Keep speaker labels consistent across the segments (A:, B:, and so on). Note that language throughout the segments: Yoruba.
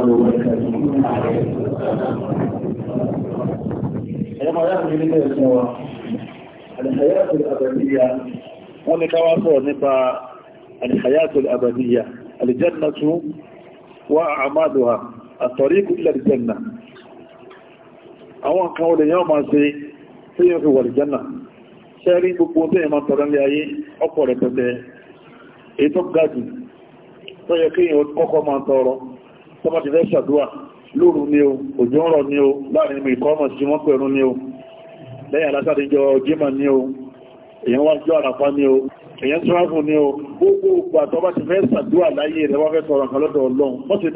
A: وبركاته ẹ̀yọ́ máa yára nílé ẹ̀sìn wa alìhàyàtò àbàdíyà wọ́n ni káwà sọ̀rọ̀
B: nípa alìhàyàtò àbàdíyà alìjẹ́nà tún wá àmàdùwà àtọ̀ríkù ilẹ̀ alìjẹ́nà àwọn kan olè yọ́ máa ṣe tí yóò fi wà alìjẹ́nà ṣẹ́rí gbogbo tí èèmà tọ̀rọ̀ ní ayé ọ̀pọ̀ rẹ̀ pẹ̀tẹ̀ tọ́bá ti fẹ́ ṣàdúwà lóòrùn ni o òjò ń rọ̀ ni o láàrin mi kọ́ ọmọ sí wọ́n pẹ̀rún ni o lẹ́yìn alásàdéjọ jímọ̀ ni o èyàn wá jọ àràfá ni o èyàn tí wọ́n fún ni o gbogbo ògbà tọ́bá ti fẹ́ ṣàdúwà láyé rẹ̀ wọ́n fẹ́ sọ̀rọ̀ kan lọ́dọ̀ ọlọ́run wọ́n ti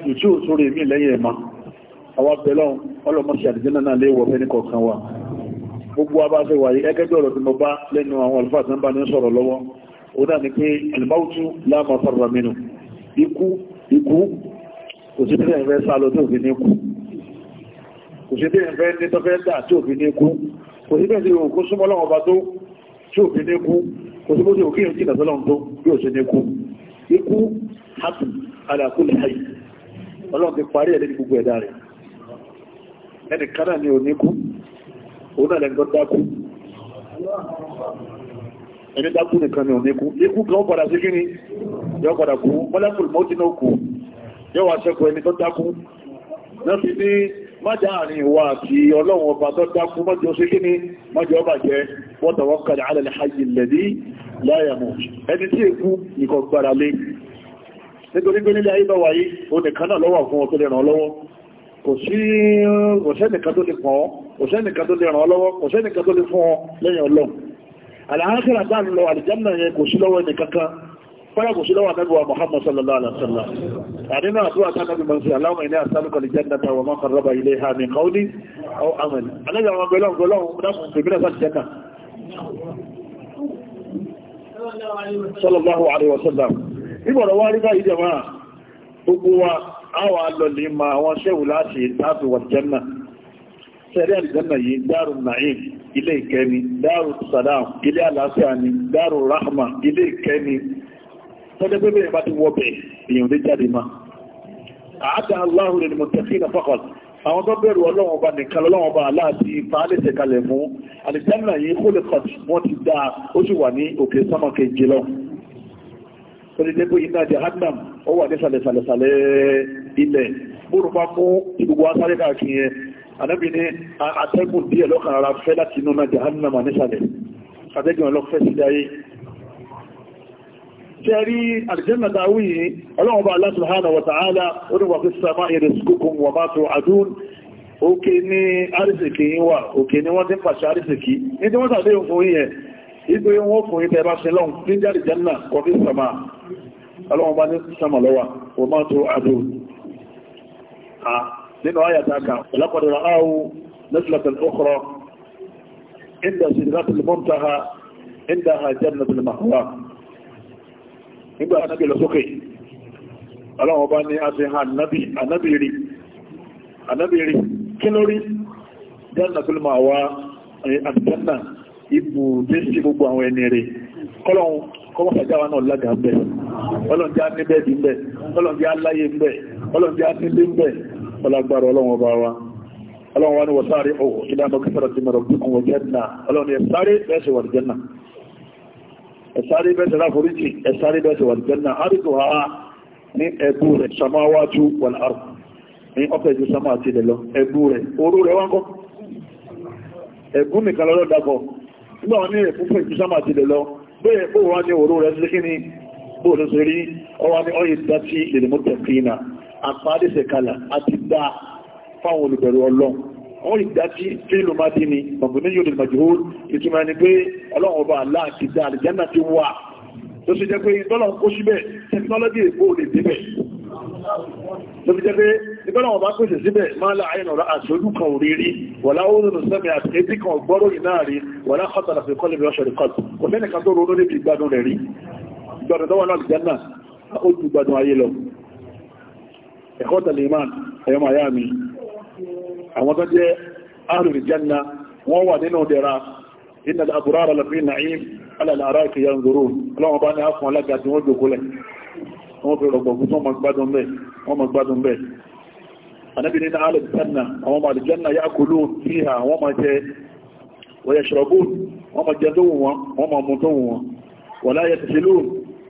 B: fi mi lẹ́yìn ẹ̀ma àwọn abẹ́lọ́run ọlọ́mọṣẹ́ àlìjẹ́nà náà léwọ̀ fẹ́ ní kọ̀ọ̀kan wa gbogbo wa bá ṣe wáyé ẹgẹ́ bí ọ̀rọ̀ tí mo bá lẹ́nu àwọn àlùfáà tí wọ́n bá ní sọ̀rọ̀ lọ́wọ́ ó dà ní pé alimautu láàmà farra minhu ikú ikú kò sí tí ẹ̀fẹ́ sá lọ tí òfin ní kú kò sí tí ẹ̀fẹ́ ní tọ́fẹ́ dà tí òfin ní kú kò sí bẹ́ẹ̀ sí òkú ni ò ní òun náà lẹ́gbọ́n dákú ẹni dákú nìkan ni òní kú ikú kan padà sí kí ni yọ padà kú mọ́lẹ́kùn mọ́tí náà kú yọ wà ṣẹ́kù ẹni tó dákú náà fi ní májá àrin ìwà àti ọlọ́run ọba tó dákú mọ́jọ sí kí ni mọ́jọ ọba jẹ́ wọ́tàwọ́kàlẹ̀ alẹ́lẹ́ hajji lẹ́dí láyàmù ẹni tí èkú nìkan kò sẹ́nìkan tó lè ràn ọ́ lọ́wọ́ kò sẹ́nìkan tó lè fún ọ lẹ́yìn ọlọ́run àlàáhìrà tá lọ àlìjánà yẹn kò sí lọ́wọ́ ẹnìkankan fọ́yà kò sí lọ́wọ́ anábíwa Muhammad sallallahu alaihi wasallam àdínà àdúrà tá nábi mọ̀sí aláwọ̀ ilẹ̀ àsálùkọ̀ àlìjánà tàwọn ma qarraba ilayha min qawlin aw amal alájà wọn gbẹ̀lọ́ gbọ́lọ́wọ́ dákùn fèmínà sáti jẹ́ka sallallahu alaihi wasallam ìbọ̀rọ̀ wá rí báyìí jẹ́ máa gbogbo àwọn alọ́lẹ̀ àwọn ṣẹ́wù láti ìtàbí wà jẹ́nà sẹ́rí àlìjẹ́nà yìí dáàrù na'im ilé ìkẹ́ni dáàrù salam ilé àlàáfíà ni dáàrù rahma ilé ìkẹ́ni tọ́jẹ́ pé bẹ́ẹ̀ bá ti wọ́ bẹ̀ èèyàn lè jáde ma àádá aláhùn lè mọ̀tẹ́fí na fọ́kọ̀t àwọn tó bẹ̀rù ọlọ́wọ́n bá nìkan lọ́wọ́n bá aláàtí fàálẹ̀sẹ̀ kalẹ̀ fún àlìjẹ́nà yìí kó lè kọ̀t wọ́n ti dá ó sì wà ilẹ̀ bóòrùn bá fún ìgbogbo asáré káàkiri ànábì ní atẹ́gùn díẹ̀ lọ́kàn ara fẹ́ láti inú náà jahannama nísàlẹ̀ atẹ́gùn ọlọ́fẹ́ sí ayé jẹ́rí aljanna dáwí yìí ọlọ́run bá Allah subhanahu wa ta'ala oníwà fi sàmà rizqukum wa ma tu'adun òkè ní àrísìkì yìí wà òkè ní wọ́n ti ń pàṣẹ àrísìkì ní tí wọ́n tàbí òfin yìí yẹn ìgbé wọn fún ìtẹ́ bá ṣe lọ́n ní jáde jẹ́nà kọ fi sàmà ọlọ́run bá ní sàmà lọ́wà wa ma tu'adun nínú ayàtaka ìlàpàdàrà áwù nẹ́sìlẹ̀tàn ọkọ̀rọ̀ inda sidratul muntaha inda jannatul mahwa nígbà anábì lọ sókè aláwọ̀ bá ní a ti ha anábì rí anábì rí kí lórí jannatul mahwa àti janna ibùdé sí gbogbo àwọn ẹni rẹ̀ kọ́lọ̀hún kọ́wọ́ sàjáwà náà lága ń bẹ̀ ọlọ́njẹ́ á níbẹ̀ bí ń bẹ̀ ọlọ́njẹ́ á láyé ń bẹ̀ ọlọ́njẹ́ á nílé ń bẹ̀ pẹ̀lágbára ọlọ́run ọba wa ọlọ́run wa ni wọ́n sáré ọ̀hún ilé amọ́kẹ́sọ̀rọ̀ ti mọ̀rọ̀ bí kùnwọ̀ jẹ́nà ọlọ́run ẹ̀ sáré bẹ́ẹ̀sẹ̀ wà jẹ́nà ẹ̀ sáré bẹ́ẹ̀sẹ̀ láforíjì ẹ̀ sáré bẹ́ẹ̀sẹ̀ wà jẹ́nà àríkò ha ní ẹ̀bù rẹ̀ samáwájú wà láàrù ní ọ̀pẹ̀ ju samá àti ilẹ̀ lọ ẹ̀bù rẹ̀ orú rẹ̀ wọ́n kọ́ ẹ̀bù nìkan lọ́dọ̀ dàpọ̀ nígbà wọn ní ẹ̀fúnfún ju samá àti ilẹ̀ lọ bẹ́ẹ̀ bó wọn ní orú rẹ̀ sí kí ni bó ló ṣe rí ọwọ́ ní ọyẹ̀ dá sí lè mú tẹ̀kínà àpáàdìsẹ̀ kalà àti dá fáwọn olùbẹ̀rù ọlọ́run wọ́n ìgbà tí fílù máa dín ní mọ̀bùnú yóò lè majhul ìtumọ̀ ni pé ọlọ́run ọba Allah ti dá àlìjánà ti wà tó ṣe jẹ́ pé ìtọ́lọ̀ kó síbẹ̀ tẹkinọ́lọ́dì èkó lè débẹ̀ tó fi jẹ́ pé ìtọ́lọ̀ ọba pèsè síbẹ̀ máa láàáyìn ọ̀rọ̀ àṣòjú kan ò rírí wọ̀lá oòrùn sẹ́mì àti etí kan gbọ́rọ̀ ìnáàrí wọ̀lá kọ́tàlá fi kọ́lẹ̀ bí ọṣọ̀rẹ̀ kọ́t kò sẹ́nìkan tó ronú níbi ìgbádùn rẹ̀ rí ìgbádùn tó wà náà ẹ̀kọ́ tẹ̀lé iman ẹ̀yọ́ máa yá mi àwọn tó jẹ́ ahlul janna wọ́n wà nínú dẹ̀ra inna al-abrara lafi na'im ala al-ara'iki yanzurun ọlọ́wọ́n bá ní àfún alága tí wọ́n jòkó lẹ̀ wọ́n fi rọ̀gbọ̀gbù tó mọ̀ gbádùn bẹ́ẹ̀ wọ́n mọ̀ gbádùn bẹ́ẹ̀ anábì nínú ahlul janna àwọn ọmọ aljanna ya'kulun fiha wọ́n máa jẹ wọ́n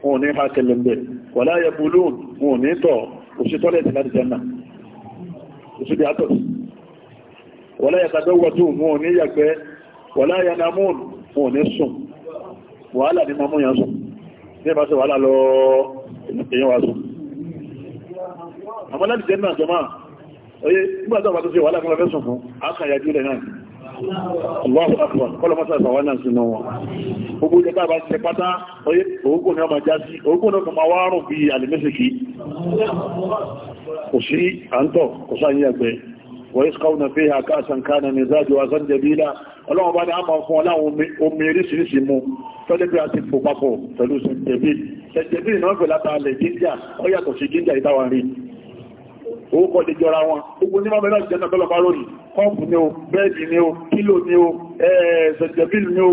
B: wọn ò ní ha kẹlẹ̀ bẹ́ẹ̀ wala yabulun wọn ò ní tọ̀ kò ṣe tọ́lẹ̀tì láti jẹ́nà kò ṣe bí atọ́s wọ́lá yàtàdọ́ wọ́tú mú ní yàgbẹ́ wọ́lá yàna mú mú ní sùn wàhálà ní mamú yàn sùn ní ìbáṣẹ wàhálà lọ èyàn wà sùn àmọ́ láti jẹ́nà jọmá oye nígbàtà wà tó ṣe wàhálà kọlọ fẹ́sùn fún àkàyàjú rẹ̀ náà Allahu akbar kọlọ mọ́sá ìsàwọn náà sínú wọn gbogbo ìjẹta bá ti ṣe pátá oye òógùn ni ọmọ já òógùn ni ọkọ̀ wárùn bí alìmẹ́sìkì kò sí àǹtọ̀ kò sáyé ẹgbẹ́ wọ́ískáwọ́nà fi ha káàsàn káàna ní zájú asán jẹbílá ọlọ́wọ́ bá ní a máa fún aláwọn omi eríṣìíríṣìí mú a ti fò papọ̀ pẹ̀lú sẹ̀jẹ̀bí sẹ̀jẹ̀bí náà fẹ́ látàlẹ̀ jíjà ó yàtọ̀ sí jíjà ìtawàrí owó kọ́ lè jọra wọn gbogbo ní mọ́mẹ́lá ìjẹ́nà tọ́lọ̀ bá lónìí kọ́ọ̀pù ni ó bẹ́ẹ̀dì ni ó kílò ni ó ẹ̀ẹ́ sẹ̀jẹ̀bí ni ó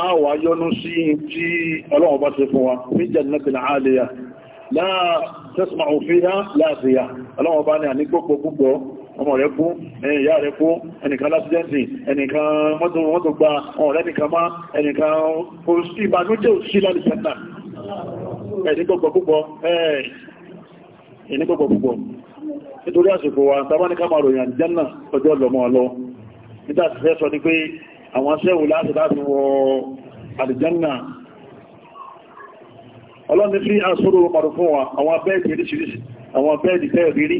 B: àwà yọnú sí tí ọlọ́wọ́ bá ṣe fún wa fi jannatin aliya láà tẹ́sìmà òfíhá láàfíyà ọlọ́wọ́ bá ní àníkòpò púpọ̀ ọmọ rẹ̀ kú ẹ̀yà rẹ̀ kú ẹnìkan lásìdẹ́ntì ẹnìkan mọ́tò gba ọ̀rẹ́ nìkan má ẹnìkan ìbànújẹ́ òsì lálìsẹ́nà ẹ̀níkòpò púpọ̀ nítorí àsìkò wa tàbáníkà márùn-ún ìyàn jẹ́nà ọjọ́ lọ́mọ́ ọlọ́ àwọn sẹ́wò láti láti wọ àlìjánà ọlọ́ni fi àṣòro pàdù fún wa àwọn bẹ́ẹ̀dì oríṣiríṣi àwọn bẹ́ẹ̀dì tẹ́ẹ̀rírí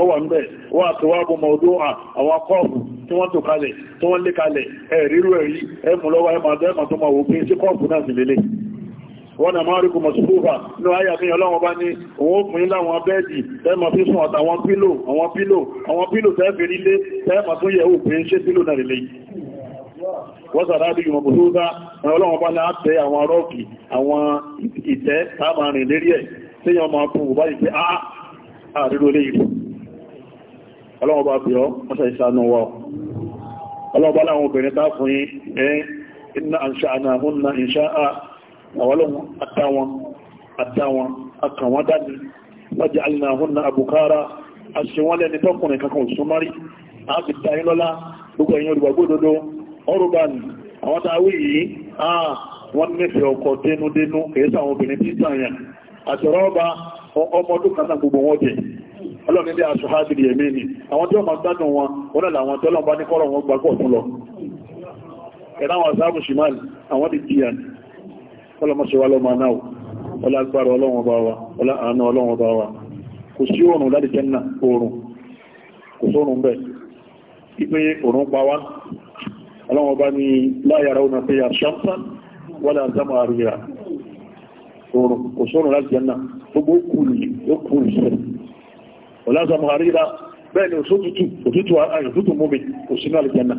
B: ó wà ń bẹ̀ wọ́n àtọwàbọ̀ mọ̀ọ́dọ́ àwọn kọ́ọ̀pù tí wọ́n tò kalẹ̀ tí wọ́n lé kalẹ̀ ẹ̀rírú ẹ̀rí ẹ̀mù lọ́wọ́ ẹ̀mà tó máa wò pé sí kọ́ọ̀pù náà sì lélẹ̀ wọ́n na máa ríkù mọ̀sùlùfà ní ayé àfihàn ọlọ́wọ́n bá ní òun ó fún láwọn bẹ́ẹ̀dì tẹ́mà fi sùn àtàwọn pílò àwọn pílò àwọn pílò tẹ́ẹ̀fì nílé tẹ́ẹ̀mà tún yẹ̀ òpin ṣé pílò náà lè wọ́n sàrá bí ìmọ̀ bùsùlùfà ọlọ́wọ́n bá àwọlọ́wọ́n àtàwọn àtàwọn akàwọn dání wájá alìnàhún na àbùkára aṣèwọ́n lẹ́ni tọ́kùnrin kankan òṣùmárì a tàílọ́lá gbogbo ẹ̀yìn olùgbàgbódodo ọrùbani àwọn tàwí yìí àà wọ́n nífẹ̀ẹ́ dénúdénú obìnrin tí gbogbo wọn kọ́lọmọ́sọ̀wá lọ́mọ náà ọlá agbára ọlọ́wọ́n bá wa ọlá àánú ọlọ́wọ́n bá wa kò sí oòrùn láti jẹ́nà oòrùn kò sóòrùn bẹ̀ ipé oòrùn pa wá ọlọ́wọ́n bá ní láyàrá ọ̀nà pé àṣàmsán wọ́n lè àzámọ̀ àríyà oòrùn kò sóòrùn láti jẹ́nà gbogbo kùrù sẹ́ ọlá àzámọ̀ àríyà bẹ́ẹ̀ ni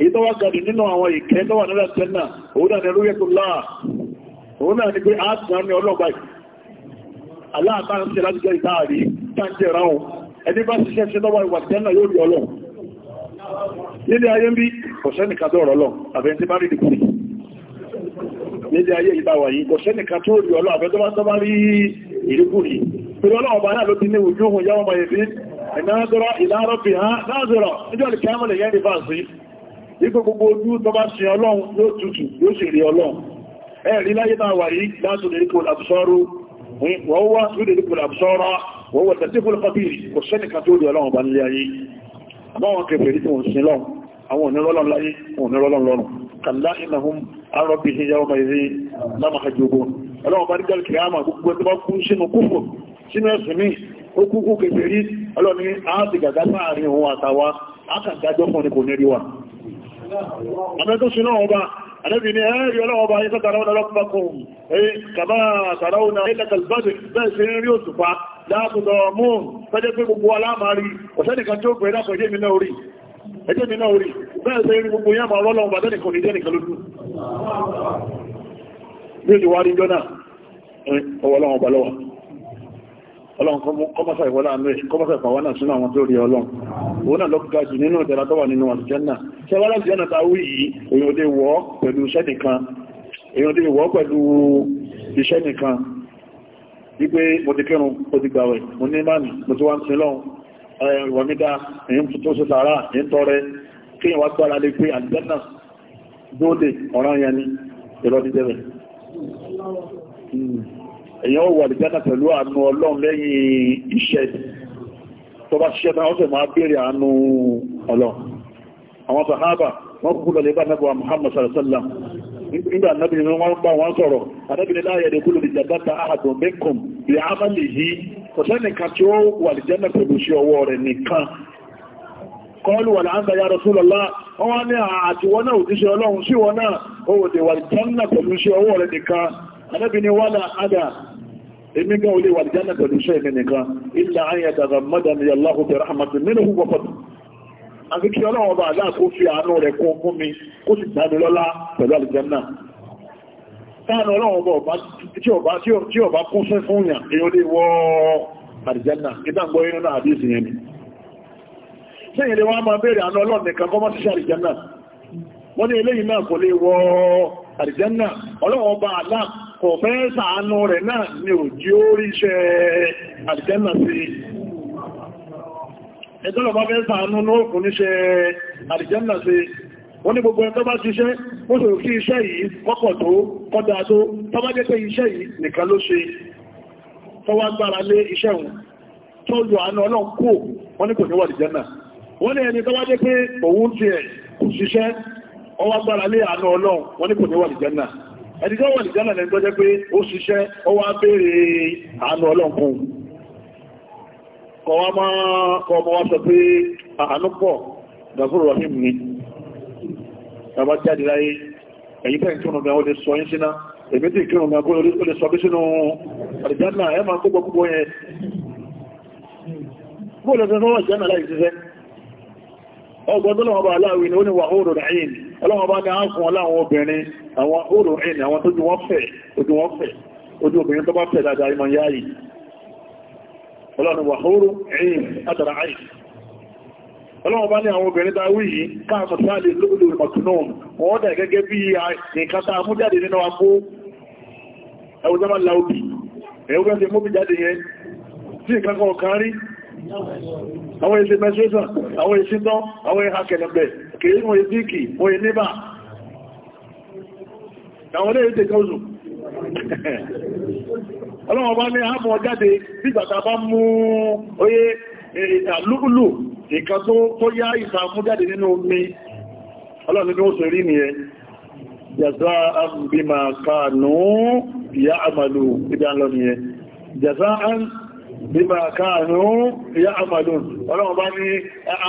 B: èyí tó wá gàdì nínú àwọn ìkẹ́ tó wà nílẹ̀ tẹ́nà òun náà ni rúyẹ́ tó láà òun náà ni pé a tàn ní ọlọ́gbà aláàtà ń ṣe láti jẹ́ ìtaàrí tàǹjẹ̀ ráhùn ẹni bá ṣiṣẹ́ ṣe lọ́wọ́ ìwà tẹ́nà yóò rí ọlọ́ nílé ayé ń bí kọ̀ṣẹ́nì kan tó rọ̀ lọ àbẹ́ tí bá rí dìkú nílé ayé ìbáwà yìí kọ̀ṣẹ́nì kan tó rí ọlọ́ ìnáàdọ́rọ̀ ìlàrọ̀ fi hàn náà níjọ́ ìkẹ́mọ̀lẹ̀ yẹn ní fàásí wípé gbogbo ojú tó bá ṣe ọlọ́run yóò tutù yóò sì rí ọlọ́run ẹ̀rí láyé náà wà yìí láti lè kò làbùsọ́rú wọ́n wá lórí lè kò làbùsọ́rọ́ wọ́n wọ́n tẹ̀sí fún lọ́pàá bíi kò sẹ́nìkà tó rí ọlọ́run bá nílé ayé àbáwọn kẹfẹ̀rí tí wọ́n sin lọ́run àwọn onírọ́lọ́run láyé fún ní kò ní rí àmẹ́tọ́sí náà ọba àdẹ́bì ní ẹ̀rí ọlọ́ọba ayé tàtàràwọ́n lọ́pàákùn èyí kàbá tàràwọ́n ilẹ̀kàlbáṣẹ̀ bẹ́ẹ̀ sí rí òtùpá láàtùdọ̀ mún fẹ́jẹ́ pé gbogbo alámàárí ọ̀sẹ́nìkan tí ó pẹ̀lú àpẹjẹ́ mi náà rí ẹjẹ́ mi náà rí bẹ́ẹ̀ sí rí gbogbo yàmà ọlọ́ọba tẹ́nìkan ní ọlọ́run kọmọ́sà ìwọ́lá àmì kọmọ́sà ìpàwọ́ náà sínú àwọn tó rí ọlọ́run òun náà lọ́gbà jù nínú ìdára tó wà nínú àlùjánnà ṣẹwàlá jẹ́nà táwí yìí èyàn lè wọ́ pẹ̀lú iṣẹ́ nìkan èyàn lè wọ́ pẹ̀lú iṣẹ́ nìkan wípé mo ti kírun mo ti gbàwẹ̀ mo ní mánì mo ti wá ń sin lọ́run ẹ̀rọ mi èyí tó ṣe sàárà èyí tọrẹ kí ìwà gbára lè pé àlùjánnà dóde ọ̀ràn yẹn ni èyàn wà lè jẹ́nà pẹ̀lú àánú ọlọ́run lẹ́yìn iṣẹ́ tó bá ṣiṣẹ́ náà ó sì máa bèèrè àánú ọlọ́run àwọn sàhábà wọ́n kúkú lọ lè bá nẹ́bọ̀ Muhammad sallallahu nígbà nábìnrin ni wọ́n bá wọn sọ̀rọ̀ adábìnrin láàyè lè kúrò lè jàdáta ààbò mẹ́kùn èmi gan olè wà jẹ́ nàgbẹ̀lú iṣẹ́ èmi nìkan ilẹ̀ ayẹ́ dàgbà mọ́dà ní aláhùn bẹ̀rẹ̀ àmàtì nínú hùwà pọ̀tù àti kí ọlọ́wọ́ bá aláà kó fi àánú rẹ̀ kún fún mi kó sì dá lọ́lá pẹ̀lú àlùjánnà táànà ọlọ́wọ́ bá kún fẹ́ fún yàn èyí ó lè wọ àlùjánnà ìdáǹgbọ́ inú náà àdíṣì yẹn ni sẹ́yìn lè wá máa béèrè kò fẹ́ rẹ̀ náà ni ò jí ó rí iṣẹ́ àdìjẹ́nà sí ẹjọ́lọ̀ bá fẹ́ sàánú lóòkùn níṣẹ́ àdìjẹ́nà sí wọ́n ní gbogbo ẹ̀tọ́ bá ṣiṣẹ́ ó sì kí iṣẹ́ yìí kọ́kọ̀ tó kọ́dá tó tọ́bá jẹ́ pé iṣẹ́ yìí nìkan ló ṣe tọ́wá gbára lé iṣẹ́ òun tó lù àánú ọlọ́run kò wọ́n ní kò níwà àdìjẹ́nà wọ́n ní ẹni tọ́wá jẹ́ pé òun ti kò ṣiṣẹ́ ọwá gbára lé àánú ọlọ́run wọ́n ní kò níwà àdìjẹ́nà ẹ̀dìjọ́ wà ní jẹ́nà lẹ́gbẹ́ jẹ́ pé ó ṣiṣẹ́ ó wá béèrè àánú ọlọ́nkún kọwa máa kọmọ wá sọ pé àánú pọ̀ dàfúrò rahim ni tàbá jáde láyé èyí tẹ́ ìkírùn gan ó lè sọ yín síná èmi tí ìkírùn gan ó lè sọ bí sínú àdìjánà ẹ máa kógbọ́ púpọ̀ yẹn bó lọ sọ wọ́n ọgbọ́n tó lọ́wọ́ bá aláwìn ó ní wàhóró rẹ̀ yìí ọlọ́wọ́ bá ní àáfún ọláwọn obìnrin àwọn òrò ẹni àwọn tójú wọ́n fẹ̀ ojú wọ́n fẹ̀ ojú obìnrin tó bá fẹ̀ dáadáa ìmọ̀ yá yìí ọlọ́run wà òrò ẹ̀yìn látara àì ọlọ́run bá ní àwọn obìnrin tá wí yìí káàkọ̀ tó lè lóòlò mọ̀túnùn wọ́n dẹ̀ gẹ́gẹ́ bí nǹkan àwọn olè èdè kọ́ọ̀sù ọlọ́wọ́ bá ní àmọ́ jáde nígbàtà bá mú oyé àlúkúlù nǹkan tó yá ìsàmú jáde nínú omi ọlọ́ni ní ó sì rí nìyẹn jàzá àbìmà kàánú ìyá àmàlù ibi àlọ́ nìyẹn jàzá bíbà káàrù ìyá àmàlù ọlọ́run bá ní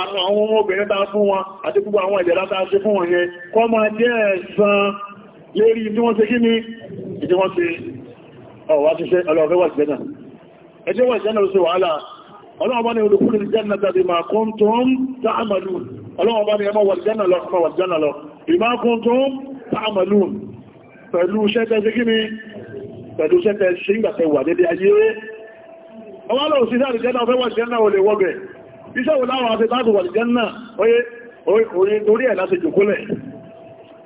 B: àwọn obìnrin ta fún wọn àti gbogbo àwọn ìjẹ̀lá ta ṣe fún wọn yẹn kọ́ máa jẹ́ ẹ̀san lérí tí wọ́n ṣe kí ni ìdí wọ́n ṣe ọ̀wà ṣiṣẹ́ ọlọ́ọ̀fẹ́ wà ìjẹ́nà ẹjẹ́ wà ìjẹ́nà ṣe wàhálà ọlọ́ọ̀bá ni olùkúrò ìjẹ́nà tàbí ma kún tó ń tààmàlù ọlọ́ọ̀bá ni ẹmọ wà ìjẹ́nà lọ ọmọ wà ìjẹ́nà lọ ìmá kún tó ń tààmàlù pẹ̀lú iṣẹ́ tẹ́ ṣe kí ni pẹ̀lú iṣẹ́ tẹ́ ṣe ìgbà tẹ́ wà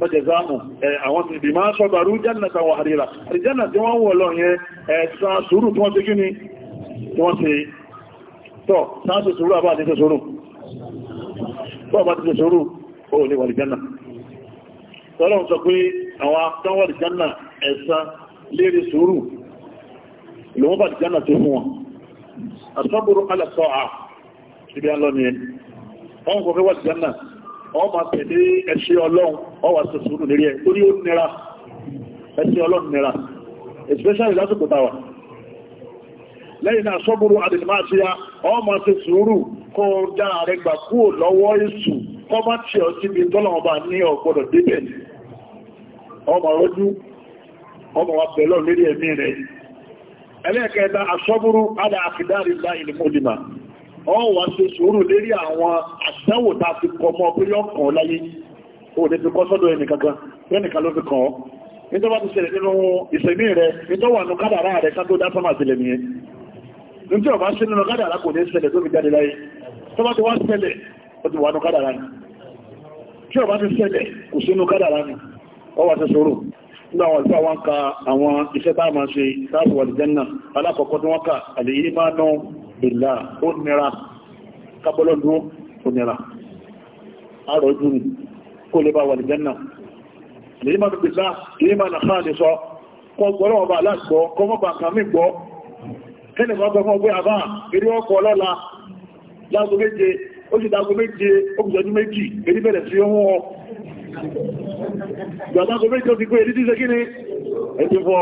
B: فجزاؤهم àwọn ti bí máa ṣọ́bàrú jannata wa harira àríjánà tí wọ́n wọ̀ lọ yẹn ẹ̀sán sùúrù tí wọ́n ti kíni tí wọ́n ti tọ́ sáàtì sùúrù àbá àti sùúrù tọ́ bá ti ṣe sùúrù ó lè wà lìjánà tọ́lọ́n sọ pé àwọn tán wà lìjánà ẹ̀sán lérí sùúrù lòun bá lìjánà tó fún wọn àtọ́bùrú alẹ́sọ́ à ibi alọ́ ni ẹ̀ wọ́n kò fẹ́ wà lìjánà ma tẹ̀lé ẹ̀ṣẹ́ ọlọ́run ọwà sọ̀sùrù lérí ẹ̀ torí ó nira ẹ̀ṣẹ́ ọlọ́run nira especially lásìkò tàwà lẹ́yìn náà sọ́bùrù àdìmáṣíyá ọmọ ṣe sùúrù kó dára rẹ̀ gbà kúrò lọ́wọ́ kọ́ bá tí ọ àfidárí láìlú mọ́lìmá ọ̀hún wá ṣe sùúrù lérí àwọn àṣẹ́wò tá a fi kọ mọ́ pé yọ kàn láyé ó lè fi kọ́ sọ́dọ̀ ẹnìkankan lẹ́nìkan ló fi kàn ọ́ nítorí wá ti ṣẹlẹ̀ nínú ìṣẹ̀mí rẹ nítorí wà nù kádàrá rẹ ká tó dá sọ́mà sílẹ̀ nìyẹn nítorí ọba ṣe nínú kádàrá kò ní ṣẹlẹ̀ tó fi jáde láyé tó bá ti wá ìlà ó nira kábọ́lọ́ dúró ó nira a ojú ni kó lè bá wà nìjẹ́nà lèyí máa gbèsà lèyí máa nà fáà lè sọ kọ́ gbọ́rọ̀ ọba aláàgbọ́ kọ́ mọ́bà kàmí gbọ́ kẹ́lẹ̀ máa gbọ́ fún ọgbẹ́ àbá eré ọkọ̀ ọlọ́la láago méje ó sì dáago méje ó kù sọ́jú méjì eré bẹ̀rẹ̀ sí ohun ọ gbàdágo méje ó ti gbé eré tí ṣe kí ni ètò fọ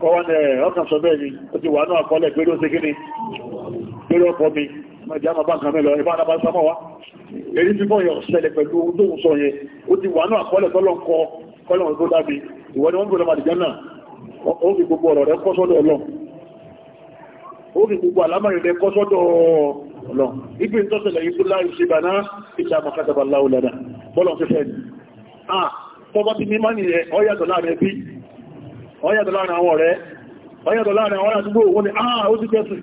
B: kọ́wọ́n ọkàn sọ bẹ́ẹ̀ ni ó ti wà náà kọ́lẹ̀ pé ó ṣe kí lórí ọkọ̀ mi mẹ́já ma bá nǹkan mẹ́lọ ẹbá alábá sámọ́ wá èrí fífọ́ yọ ṣẹlẹ̀ pẹ̀lú ohun tó ń sọ yẹn ó ti wà náà kọ́lẹ̀ tọ́lọ́ ń kọ kọ́lẹ̀ tó dábì ìwọ ni wọ́n ń gbọ́dọ̀ màdìjá náà ó fi gbogbo ọ̀rọ̀ rẹ kọ́ sọ́dọ̀ ọlọ́run ó fi gbogbo àlámọ̀rin rẹ kọ́ sọ́dọ̀ ọlọ́run ibi tó ṣẹlẹ̀ yìí fúnlá ìṣèbàná ìṣà àmọ̀kátàbà láwùlẹ̀dà bọ́lọ̀ ti fẹ́ ni ah tọ́bọ́ ti mímọ́ nìyẹn ó yàtọ̀ láàrin ẹbí ó yàtọ̀ láàrin àwọn ọ̀rẹ́ ó yàtọ̀ láàrin àwọn àdúgbò òun ni ah ó ti kẹ́sùn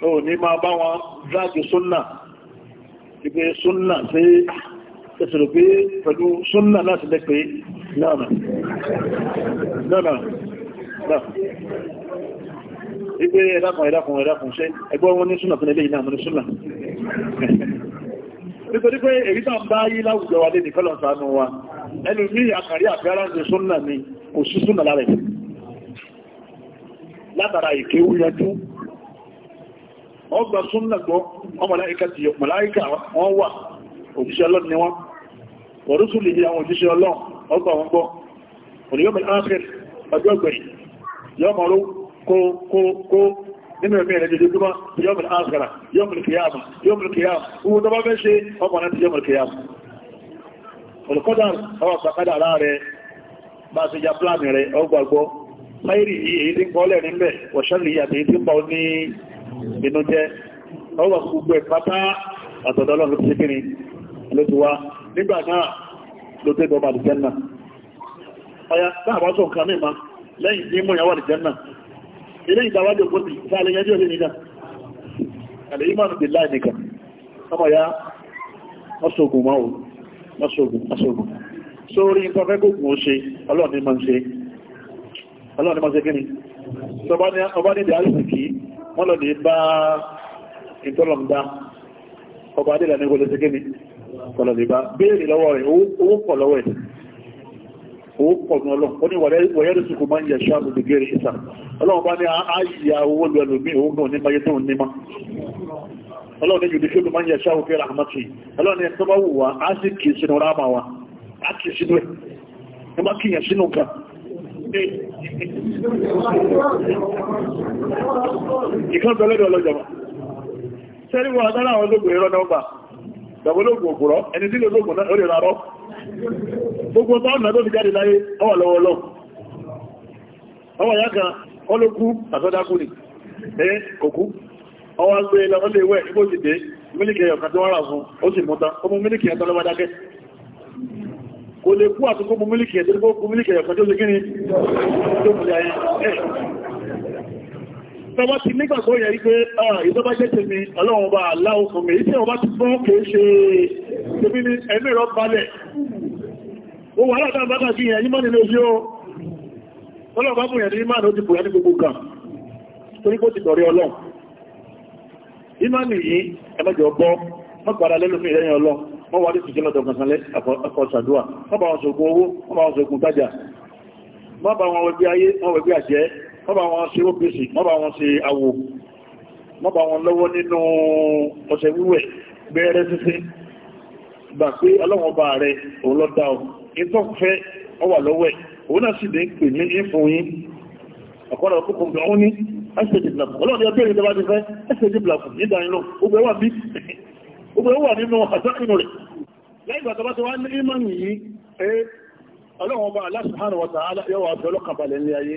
B: ó ní máa bá wọn dájú súnnà ìgbé súnnà sí ẹ̀sùn pé pẹ̀lú súnnà láti lẹ́ pé náà náà ìgbé ẹ̀dàkùn ẹ̀dàkùn ẹ̀dàkùn ṣe ẹgbọ́n wọn ní súnnà fún ilé ìnáà mọ́ ní súnnà nítorí pé èyí tàn bá yí láwùjọ wa lè nìkọ́lọ̀ sánú wa ẹnu ní àkàrí àfẹ́ràn ní súnnà ni kò sí súnnà lára ẹ̀ látara ìkéwú yanjú wọ́n gba súnnà gbọ́ wọ́n màláíkà ti yọ màláíkà wọ́n wà òjíṣẹ́ ọlọ́run ni nínú ẹ̀mí jẹjẹ kìyàmù kìyàmù tó bá fẹ́ ṣe kìyàmù olùkọ́dà ọwọ́ pàkádà bá ṣe ya pláàmì rẹ̀ ọgbàgbọ́ yìí èyí tí ń inú jẹ́ ọwọ́ gbogbo ẹ̀pátá àtọ̀dọ̀ ọlọ́run ti kiri ló ti wá nígbà náà ló tẹ́ bọ́ọ̀bà àdìjẹ́ náà ọya táàbá sọ nǹkan mìíràn lẹ́yìn tí mú ìyàwó àdìjẹ́ náà ilé ìdáwájú òkú ti sáàlẹ̀ yẹn díẹ̀ nínú àlè ìmọ̀nù bí láì nìkan ọmọ ya mọ́sọ̀gùn máa wò mọ́sọ̀gùn mọ́sọ̀gùn sórí nǹkan fẹ́ gògùn ó ṣe ọlọ́run ni máa ń ṣe ọlọ́run ni máa ń ṣe kí ni ọba ní ìdí àrísìkí wọ́n lọ lè bá ìtọ́lọ̀mdá ọba adé ìlànà ìwọlẹ̀ tẹ́gẹ́ ni kọlọ̀ lè bá béèrè lọ́wọ́ rẹ̀ owó pọ̀ lọ́wọ́ ẹ̀ owó pọ̀ ní ọlọ́run ó ní wọ̀yẹ́ ló sùkú máa ń yẹ̀ṣọ́ àbùdó gẹ́rẹ́ ìsà ọlọ́run bá ní àyà owó lu ẹlòmí òun náà nípa yẹ́ tóun níma ọlọ́run ní yìí fi ló máa ń yẹ̀ṣọ́ òfin rahmati ọlọ́run ní ẹ̀tọ́ sínú kan
A: ìkan e ọlọ́jọba
B: sẹ́ríwọ̀ agbára àwọn ológun ẹ̀rọ nọ́mbà gbogbológun òkúrọ́ ẹni tí lóògùn náà rárọ́ gbogbo tọ́ọ̀nà tó fi jáde láyé ọwà lọ́wọ́ lọ ọwà ya kan mílìkì tó mílìkì ẹ̀ lè mú ẹ̀ tọba ti nígbàgbọ́ yẹ wípé ìjọba jẹ́ tèmi ọlọ́run bá aláwọ̀ fún mi tí ọba ti fún kìí ṣe tèmi ní ẹ̀mí ìrọ̀ balẹ̀ o wà látà bá kàkí yẹn yímọ́ nínú ojú o ọlọ́run bá bùn yẹn ní ìmáà ló ti bùn yẹn ní gbogbo kan torí kó ti dọ̀rẹ́ ọlọ́run ìmáà nìyí ẹmẹ́jọ bọ́ mọ́kànlá lẹ́nu fún ìrẹ́yìn ọlọ́run wọ́n wà ní ìtìjẹ́ lọ́dọ̀ kankanlẹ́ akọ̀ṣàdúà wọ́n bá wọn sọ̀gùn owó wọ́n bá wọn sọ̀gùn tájà wọ́n bá wọn wẹ̀gbẹ́ àṣẹ́ mọ́bà wọn ṣe opc mọ́bà wọn ṣe awo mọ́bà wọn lọ́wọ́ nínú ọ̀sẹ̀ wíwẹ̀ bẹ́ẹ̀rẹ́ títí gbà pé ọlọ́wọ́n bá rẹ̀ òun lọ dá ọ ìtọ́ fẹ́ ọ wà lọ́wọ́ ẹ̀ òun náà sì dé pè mí ní fún yín ọ̀kọ́dọ̀ ọkùnkùn gan ó ní ẹsẹ̀dì blàkù ọlọ́dẹ ọdún ìrìn tẹ́bá ti fẹ́ ẹsẹ̀dì blàkù nígbà inú ogbè wà bí ogbè wà nínú àjọ́ wa ta'ala yọ́wọ́ àbẹ́lọ́kàbalẹ̀ ní ayé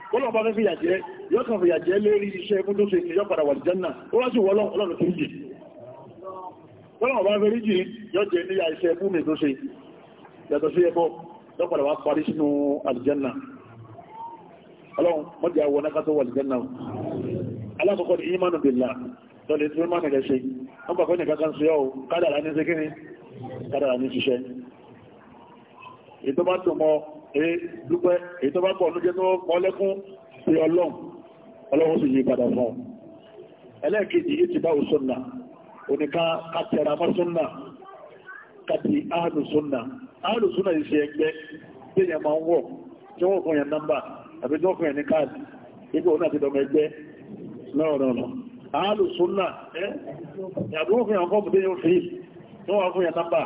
B: Ọlọ́run bá fẹ́ fìyà jẹ́, yóò kàn fìyà jẹ́ lérí iṣẹ́ ẹkún tó ṣe ìyọ́ padà wà jẹ́ náà, ó wá sí wọ́lọ́ Ọlọ́run tó jì. Ọlọ́run bá fẹ́ rí jì yóò jẹ́ níyà iṣẹ́ ẹkún mi tó ṣe, yàtọ̀ sí ẹbọ, yóò padà wá parí sínú àlìjẹ́nà. Ọlọ́run mọ́jà wọ náà tó wà àlìjẹ́nà. Alákọ̀ọ́kọ́ ni ìmánu bìlà, lọ́lẹ̀ tí ó mánu rẹ̀ ṣe, wọ́n bàbá ní kankan sí ọ́ kádàrà ní ṣe kíni, kádàrà ní ṣiṣẹ́. Ètò bá tó mọ́ ee dúpẹ́ èyí tó bá pọ̀ lójẹ́ tó pọ̀ lẹ́kún pé ọlọ́run ọlọ́run sì yí padà fún ẹlẹ́ẹ̀kejì ka ti bá o sunna ka kàtẹ̀ra mọ́ sunna kàtì ahlu sunna ahlu sunna yìí ṣe ẹgbẹ́ tí èèyàn máa ń wọ̀ tí wọ́n fún yẹn nọ́mbà àbí tí wọ́n fún yẹn ní káàdì òun àti ẹgbẹ́ ẹ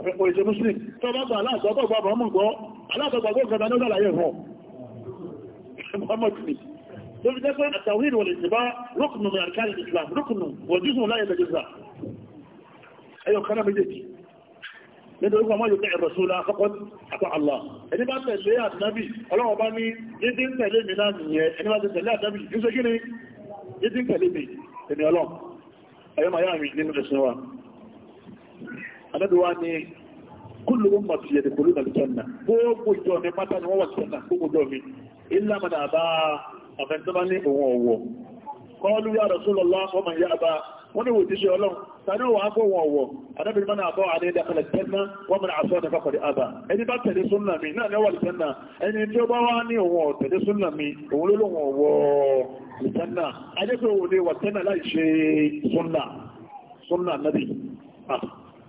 B: àfẹ́kọ̀ ìṣẹ́ muslim tó bá gbà aláàtọ̀gbà mọ́mù gbọ́ aláàtọ̀gbà gbọ́ gbà náà lálàyé rọ̀ mọ́mọ̀tì tó fi jẹ́ pé àtàwí ìwọ̀n ìjìbá rúkùnù ní àríkàrí islam rúkùnù wọ̀dísùn láyé lẹ́gbẹ̀ẹ́sà ẹyọ kaná méjèèjì nítorí wọn máa yóò tẹ́ ẹ̀rọ sólá fọ́kọ́ àtọ́ Allah ẹni bá tẹ̀lé àtìnábì ọlọ́wọ́ bá ní dídí ń tẹ̀lé mi náà nìyẹn ẹni bá tẹ̀lé àtìnábì yóò ṣe kí ni dídí ń tẹ̀lé mi ènìyàn lọ ẹ̀yọ́ alẹ́dùwá ni kúlù ó mọ̀tí yẹ̀ dìkòlù náà lùjọ́nà gbogbo ìjọ mi pátá ni wọ́n wà lùjọ́nà gbogbo ìjọ mi ilá mọ̀nà àbá àfẹ́ntọ́bá ní òun ọ̀wọ̀ kọlu ya rasulullah wọ́n mọ̀ yá àbá wọ́n ni wòtíṣẹ́ ọlọ́run tani wọ́n á gbọ́wọ́ ọ̀wọ̀ adábìnrin mọ́nà àbọ̀ àdé dákàlẹ̀ jẹ́nà wọ́n mọ̀ àṣọ ní fàkọ̀dé àbá ẹni bá tẹ̀lé súnnà mi náà ní wà lùjọ́nà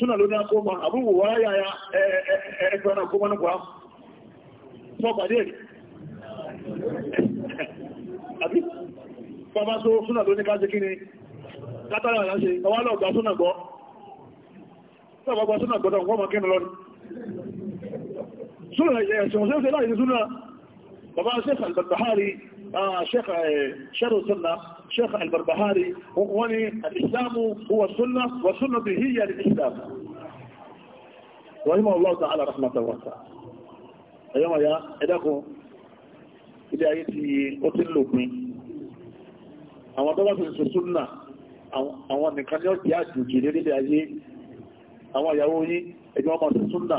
B: suna ló ní akọ́mọ àbúrò wá yáya ẹgbẹ́ náà kọ́mọ nípa sọ́pàdé rí àbí bàbá tó suna ló ní ká jẹ́ kí ni látara àyáṣe ọwá lọ gbà suna gbọ́ sọ́pàá gbà suna gbọ́dọ̀ wọ́n mọ̀ kí ni lọ́nà suna ẹ̀sùn sí láì شيخ السنة شيخ البربهاري وقواني الإسلام هو السنة والسنة هي الإسلام رحمه الله تعالى رحمة واسعة أيما يا إداكم ilé ayé ti ó ti ń lòpin àwọn tó bá fi ṣe súnnà àwọn nìkan ní ọ̀kí àjòjì nílé ayé àwọn ìyàwó yín ẹjọ́ ọmọ ṣe súnnà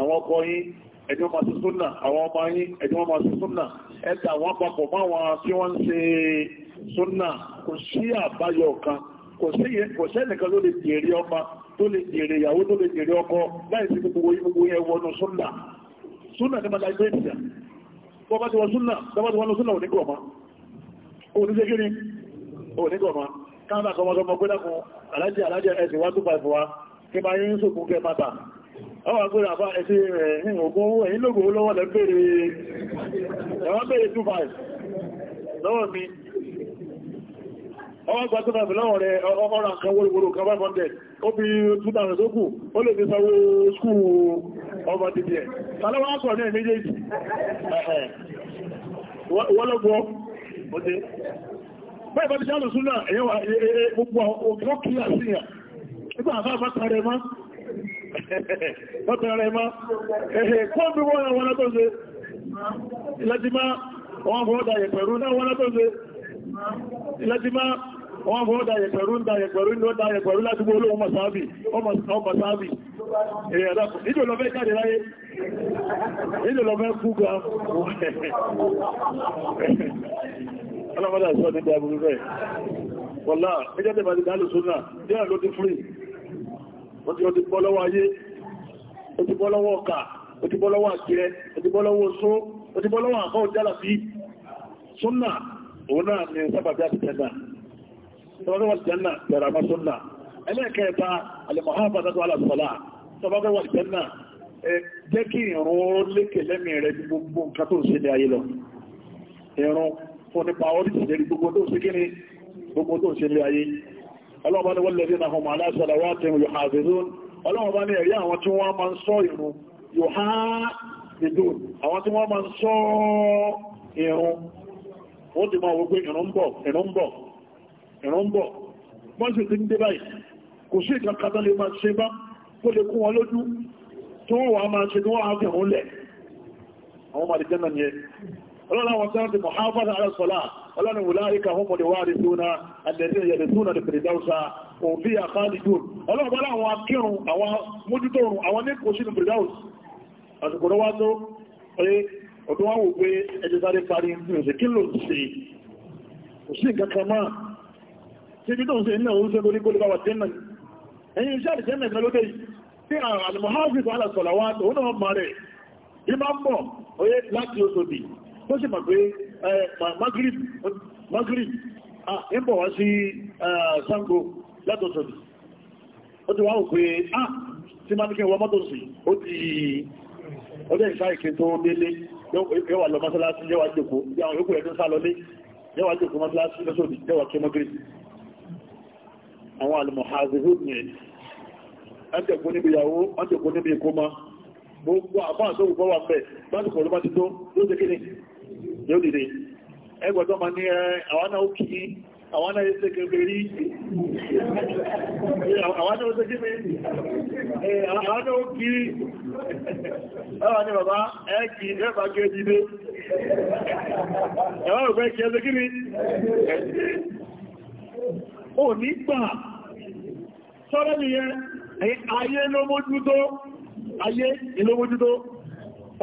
B: àwọn ọkọ yín ẹjọ́ máa ṣe súnà àwọn ọmọ yín ẹjọ́ máa ṣe súnà ẹta àwọn papọ̀ máwọn tí wọ́n ń ṣe súnà kò sí àbáyọ kan kò sẹ́nìkan ló lè jèrè ọmọ tó lè jèrè ìyàwó tó lè jèrè ọkọ láì sí gbogbo gbogbo yẹn wọnú súnà súnà ní mọ́lá ilé ìdíyà tó bá ti wọ súnà tó bá ti wọnú súnà onígbọ̀mọ́ oníṣẹ́gírí onígbọ̀mọ́ káàkiri àkọmọ́sọmọ gbẹ́dàkùn alájẹ́ alájẹ́ ẹ̀sìn wá tó bá ìfọwá kí máa yín sókún kẹ ọwà gbé ràbá ẹ̀sí rẹ̀ ògùn owó ẹ̀yìn lògùn olówó lẹ bèèrè ẹ̀wọ́n bèèrè 25 lọ́wọ́ mi ọwọ́ gba 25 lọ́wọ́ rẹ̀ ọ̀rọ̀ nǹkan wórówóró kan 500 ó bí 2000 tó kù ó lè fi sanwó skúù ọmọ dìbì ẹ̀ tàlọ́wọ́ e, e, e, á sọ̀rọ̀ ní bá tààrẹ máa wọ́n tẹ̀rẹ̀ ma
A: ẹ̀hẹ̀ kọ́ bí
B: wọ́n wọ́n tó ṣe ìlẹ́jìmá wọ́n fọ́ dáyẹ̀ pẹ̀rú náà wọ́n tó ṣe ìlẹ́jìmá wọ́n fọ́ dáyẹ̀ pẹ̀rú dáyẹ̀ pẹ̀rú ló dáyẹ̀ pẹ̀rú láti gbọ́ olóhun masáàbì ìjò lọ fẹ́ wọ́n ti bọ́ lọ́wọ́ ayé ó ti bọ́ lọ́wọ́ ọkà ó ti bọ́ lọ́wọ́ àkírẹ ó ti bọ́ lọ́wọ́ só òun náà ni sábàbí àti tẹ́nà tọ́lọ́wọ́ jẹ́nà bẹ̀rẹ̀ àmọ́ súnnà ẹlẹ́ẹ̀kẹta alìmọ̀háàbà tó alàsọ̀lá tọ́lọ́wọ́ jẹ́nà jẹ́ kí ìrún lékè lẹ́mì rẹ̀ ní gbogbo nǹkan tó ń ṣe ní ayé lọ ìrún fún nípa oríṣìí gbogbo ọlọ́wọ́ bá ní wọ́n lẹ́dí náà màá láṣọ́lá wá tẹ́ yóò hàbìdún ọlọ́wọ́ bá ní ẹ̀rí àwọn tí wọ́n máa ń sọ ìrun yóò hàbìdún àwọn tí wọ́n máa ń sọ ìrun ó ti máa wọ́gbé ìrun bọ̀ ìrun bọ̀ ìrun bọ̀ wọ́n sì ti ń dé báyìí kò sí ìkàkàtà lè máa ṣe bá kó lè kún wọn lójú ọlọ́run wọn sáwọn ti mọ̀háfàdà alásọ́lá ọlọ́run wùláríkà húnmọ̀dé wà rí súnà àdẹ̀sìn yẹ̀dẹ̀ súnà lè fìrìdáùsà òbí àkálìjò ọlọ́run bọ́lá àwọn akírun àwọn mójútórun àwọn ní kòṣínú fìrìdáùs àsìkò lọ́wọ́ tó pé ọdún wọn wò pé ẹjẹ́ sáré parí ìrìnsẹ̀ kí ló ṣe kò sí nǹkan kan máa ṣe bí tó ń ṣe iná oúnjẹ lórí kó lè bá wà jẹ́nà ẹ̀yìn mọ̀ oyé láti oṣòdì tó sì mọ̀ pé magrib ń bọ̀ wá sí sango látọ̀sọ̀dì ó ti wá wò pé ah tí máa ní kí wọ́n mọ́tò sí ó ti ọjọ́ ìṣá ìkẹ tó délé yọ́wà lọ mọ́sálásí yọ́wà jòkó yàwọn yóò ẹ̀dún sá lọlé yọ́wà jòkó mọ́sálásí lọ́sọ̀dì yọ́wà kí mọ́gírí àwọn alìmọ̀hazirú ní ẹni jòkó níbi ìyàwó wọ́n jòkó níbi ìkómọ gbogbo àbá àtọ́wò bọ́wà bẹ́ẹ̀ bá ti kọ̀ ló bá ti tó ló ti kíni yóò dìde ẹgbẹ̀tọ́ ma ní àwọn náà ó kí àwọn náà ó tẹ́kẹ́ bèrí àwọn náà ó tẹ́kẹ́ bèrí àwọn náà ó kí ẹwà ní bàbá ẹ́kì ẹfà gẹ́ dìde ẹwà rẹ̀ fẹ́ kí ẹ́ tẹ́kiri ò ní gbà sọ́rọ̀ nìyẹn ayé ló mójútó ayé ìlómójútó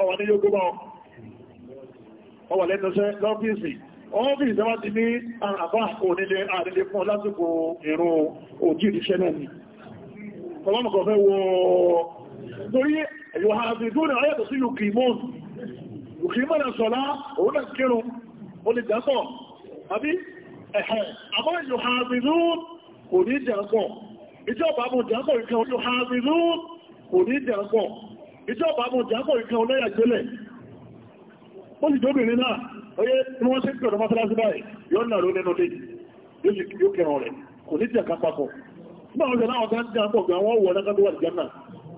B: ọwà ní yóò gbọ́ ọwà lẹ́tọ́ṣẹ́ lọ́fíìsì ọ́fíìsì tẹ́wà ti ní àbá onílé àdílé fún lásìkò ìrún òjì ìṣẹ́ náà ni ọlọ́mọ̀kọ̀ fẹ́ wọ torí ẹ̀yọ̀ àbìdó náà yàtọ̀ sí yukimon yukimon sọ́lá òun náà kírun ó lè jásọ̀ àbí ẹ̀hẹ̀ àbọ́ ẹ̀yọ̀ àbìdó kò ní jẹ́ǹkọ̀ ìjọba mú jẹ́ǹkọ̀ ìkan olóyà gbélẹ̀ ó sì jóbìnrin náà oyé tí wọ́n ṣe pẹ̀lú mọ́sálásí báyìí yóò nà ló nínú dé yóò kẹrọ rẹ̀ kò ní tíyà kápá pọ̀ nígbà wọn sẹ́nà ọ̀gá ń jẹ́ pọ̀ gan wọ́n wọ̀ lẹ́kọ́ tó wà jẹ́ náà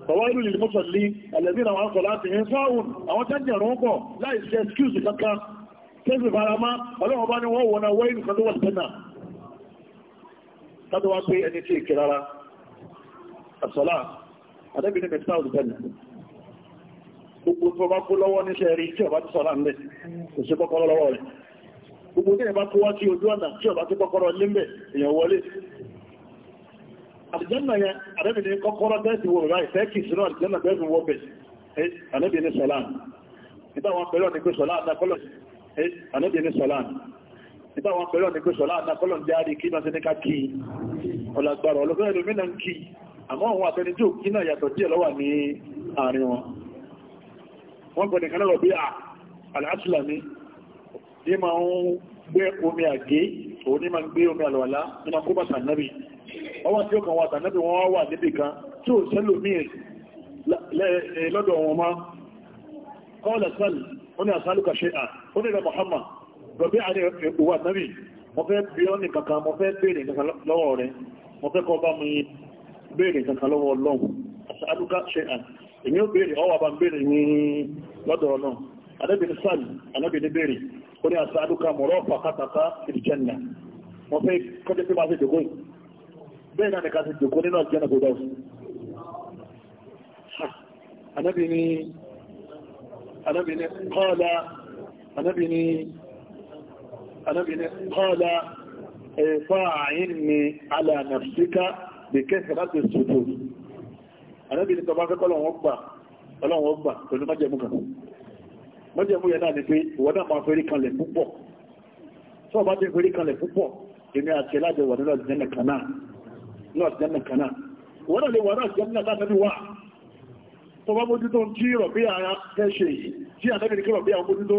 B: bàbá ìlú lè mọ́sọ̀ lé ẹ̀lẹ́bí àwọn akọ̀ láti ń sáwùn àwọn tẹ́ jẹ̀ rán pọ̀ láì ṣe excuse kankan kéèsì farama ọlọ́wọ́ bá ní wọ́n wọ́n náà wọ́n kan tó wà jẹ́ náà kájọ wá pé ẹni tí ìkìrára àsọlá adébìnrin mẹ́ta òdìbẹ́nà gbogbo tó bá kó lọ́wọ́ níṣẹ́ rí tí ọba ti sọ́lá ńbẹ̀ kò sí kọ́kọ́rọ́ lọ́wọ́ rẹ̀ gbogbo tí ẹ̀bá tó wá sí ojú ọ̀nà tí ọba ti kọ́kọ́rọ́ lé ńbẹ̀ èèyàn wọlé àdìjọ́nà yẹn àdẹ́bìnrin kọ́kọ́rọ́ bẹ́ẹ̀sì wọ bàbá ìfẹ́ kì sínú àdìjọ́nà bẹ́ẹ̀sì wọ bẹ̀ àdẹ́bìnrin sọ́lá nígbà wọn pẹ̀lú ọ̀nà ìgbésọ̀ láàdá kọ́lọ̀ àdẹ́bìnrin sọ́lá nígbà wọn pẹ̀lú ọ̀nà ìgbésọ̀ láàdá kọ́lọ̀ ń jáde kí náà sí ní ká kí ọ̀làgbàrọ̀ ọlọ́fẹ́ ẹlòmínà ń kí àmọ́ àwọn àtẹni tí ò kí náà yàtọ̀ díẹ̀ lọ́wà ní àárín wọn wọ́n gbọ́dẹ̀ kan lọ́rọ̀ bí i àlàáṣùlà ní ní ma ń gbé omi àgé òun ní ma ń gbé omi àlọ́wàlá ní eh, ma eh, kó bá tànàbì ọwá tí ó kàn wà tànàbì wọ́n wà níbi kan tí ó sẹ́lò mí lọ́dọ̀ wọn ma kọ́ọ̀lá sálì ó ní àsálùkà ṣe à ó ní ilẹ̀ rọ̀bí àrẹ ìwà èmi ó béèrè ọwọ́ àbá ń béèrè ní lọ́dọ̀ ọ̀nà anábìnrin sáàlì anábìnrin béèrè ó ní àṣà àdúkà mọ̀rọ̀ ọ̀pá kátàkà ìdíjẹ́nà wọ́n fẹ́ kọ́jẹ́ pé máa ṣe dògó bẹ́ẹ̀ náà nìkan ṣe dògó nínú àjẹ́nà tó dáwọ́ anábìnrin kọ́ọ̀lá ẹ̀fà àyín ni alànàfíkà bí kẹfẹ̀rẹ́ ànábì ní tọba fẹ́kọ́ lọ́wọ́ gbà ọlọ́wọ́ gbà pẹ̀lú májẹ̀mú kan májẹ̀mú yẹn náà ni pé ìwọ náà máa fẹ́rí kanlẹ̀ púpọ̀ tí wọ́n bá ti fẹ́rí kanlẹ̀ púpọ̀ èmi àti ẹlájọ wà nínú àjẹ́nà kaná nínú àjẹ́nà kaná ìwọ náà lè wà náà jẹ́ nígbà tábí wà tó bá mójútó ń kí rọ̀bí ara fẹ́ ṣe yìí tí ànábì ní kí rọ̀bí àwọn mójútó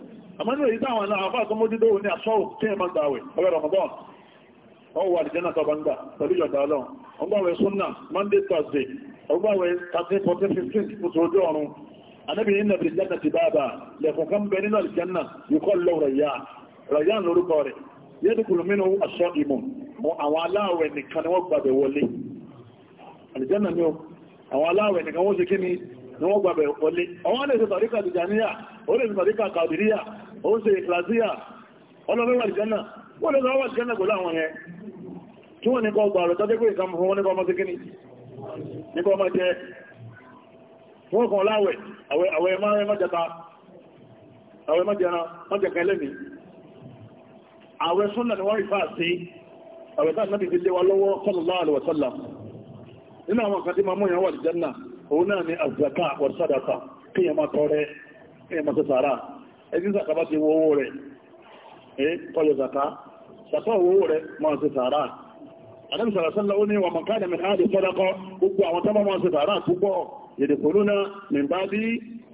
B: àmọ́nú èyí táwọn àwọn àfáà tó mójúdó ní àṣọ́wò tí ẹ máa gbàwẹ̀ ọwẹ́ Ramadan ọwọ́ àdìjẹ́nà tọbangba pẹ̀lú ìjọba ọlọ́run ọgbàwẹ̀ sunna Monday Thursday ọgbàwẹ̀ 13-14-15 oṣù ojú ọrùn anábì nínú ẹ̀bìrì jẹ́nà ti dáadáa lẹ́kùn kan bẹ nínú àdìjẹ́nà yíkọ́ lọ Rayyan Rayyan lórúkọ rẹ̀ yadkhulu minhu aṣ-ṣā'imun àwọn aláwẹ̀ nìkan ni wọ́n gbàbẹ̀ wọlé àdìjẹ́nà ni àwọn aláwẹ̀ nìkan wọ́n ṣe kí ni wọ́n gbàbẹ̀ wọlé àwọn lè ṣe tàríkà Tijaniyya ó lè ṣe tàríkà Qadiriyya ó ṣe ìkìlàsíyà ọlọ́fẹ́ wà ìjánà wọ́n lọ́wọ́ wà ìjánà pẹ̀lú àwọn ẹ̀ tí wọ́n nípa ọgbà rẹ̀ tọ́jẹ́ pé ìkàmù fún wọn nípa ọmọ síkíní nípa ọmọ jẹ wọ́n kan láwẹ̀ àwẹ̀ márẹ́ mọ́jẹta àwẹ̀ mọ́jẹra mọ́jẹka ẹlẹ́ni àwẹ̀ súnà ni wọ́n rí fáà sí àwẹ̀ táà náà ti lé wa lọ́wọ́ sallallahu alaihi wasallam nínú àwọn kan tí máa tọrẹ kíyàn ẹni sàkà bá ti wọ owó rẹ̀ ẹ́ kọyọ sàkà sàkà owó rẹ̀ máa ṣe sàárà àdámi sàrásánlá ó ní wà mọ̀kádà mi káàdì sọ́dọ́kọ́ gbogbo àwọn tábà máa ṣe sàárà púpọ̀ yèdèkòrónà mìbá bí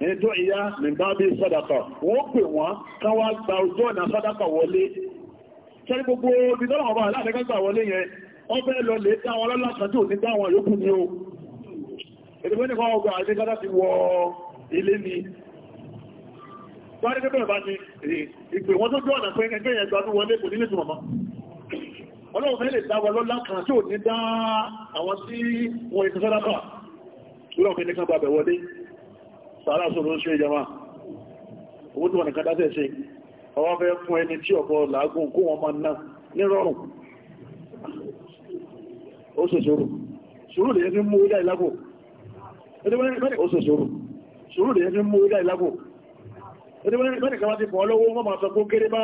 B: ẹjọ́ ìyá mìbá bí sọ́dọ̀kọ̀ wọ́n pè wọ́n káwà gba ojú ọ̀nà sọ́dọ̀kọ̀ wọlé kẹ́rí gbogbo ibi tọ́lọ̀ ọba aláàdẹ́gbà wọlé yẹn wọ́n fẹ́ lọ lè dá Wọ́n rí pé bá ti ìpè wọn tó jọ ọ̀nà pé ẹgbẹ́ yẹn gbádùn wọlé kò nílé tùmọ̀mọ́. Ọlọ́run fẹ́ lè dáwọ lọ́lá kan tí ò ní dá àwọn tí wọ́n ètò sọ́dá bà. Ọlọ́run fẹ́ nìkan bàbẹ̀ wọlé. Sàárà sọ̀rọ̀ ń ṣe ìjọba. Owó tí wọ́n nìkan dáṣẹ̀ ṣe. Ọwọ́ fẹ́ fún ẹni tí ọ̀pọ̀ làágùn kó wọn máa ná ní rọrùn. Ó ṣe sòrò. Sòrò lè yẹ fi mú orí láìlágò. Ó ṣe sòrò ẹnìkan ti bọ̀ lọ́wọ́ wọ́n máa sọ pé ó kéré bá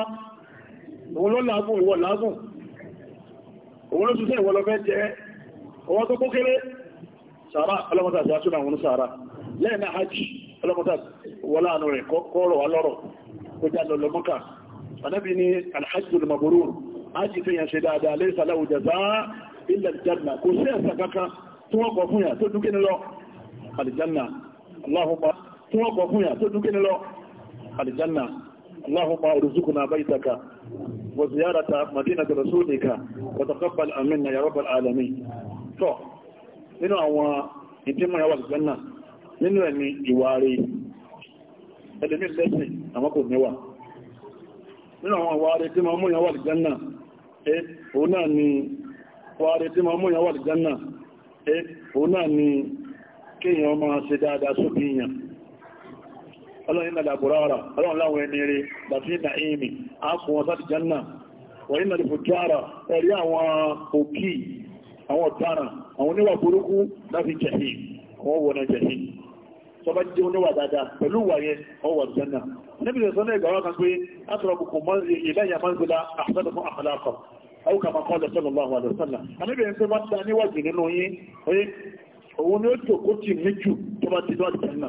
B: òun ló lágùn ìwọ̀ lágùn òun ló ṣiṣẹ́ ìwọ̀ lọ fẹ́ jẹ́ ọwọ́ tó kó kéré sàárà ọlọ́mọta àti àtúnà àwọn sàárà lẹ́ẹ̀nà hajj ọlọ́mọta wọlá àánú rẹ̀ kọ́rọ̀ alọ́rọ̀ ó já lọ lọ́mọ́kà anábi ni alhajjul mabrur hajj tó yàn ṣe dáadáa lẹ́sà láwù jàzá ilẹ̀ janna kò sí ẹ̀sà kankan tí wọ́n kọ̀ fún yà tó dúkẹ́ nílọ aljanna aláhùnmá tí wọ́n kọ̀ fún aljanna اللهم ارزقنا بيتك وزيارة مدينة رسولك وتقبل منا يا رب العالمين so nínú àwọn ìdímọ̀ yàwó àgbẹ̀nà nínú ẹni ìwàrí ẹlẹ́mí lẹ́sìn àwọn kò níwà nínú àwọn ìwàrí tí ma mú yàwó àgbẹ̀nà ẹ òun náà ni ìwàrí tí ma mú yàwó àgbẹ̀nà ẹ òun náà ni kéèyàn máa ṣe dáadáa sókè ọlọ́run iná làbúrá ọ̀rọ̀ ọlọ́run láwọn ẹni rí bàtí ìnà ìmì àákùn wọn sáti jẹ́nà wọ́n iná lè fojú ara ẹ̀rí àwọn òkì àwọn ọ̀tara àwọn oníwà burúkú láti jẹ̀hì wọ́n wọ́n náà jẹ̀hì sọba jíjẹ́ oníwà dáadáa pẹ̀lú wà yẹn wọ́n wà jẹ́nà níbi ìsọ́nà ìgbàwọ́ kan pé látọ̀rọ̀ kòkò ìlẹ́yìn àmọ́ńgbìlá àfẹ́lẹ́ fún àfẹ́lákọ̀ أو كما قال صلى الله عليه وسلم أنا بين سما ثاني واجي نوي أي هو نيوتو كوتي ميجو تبا تبا تبا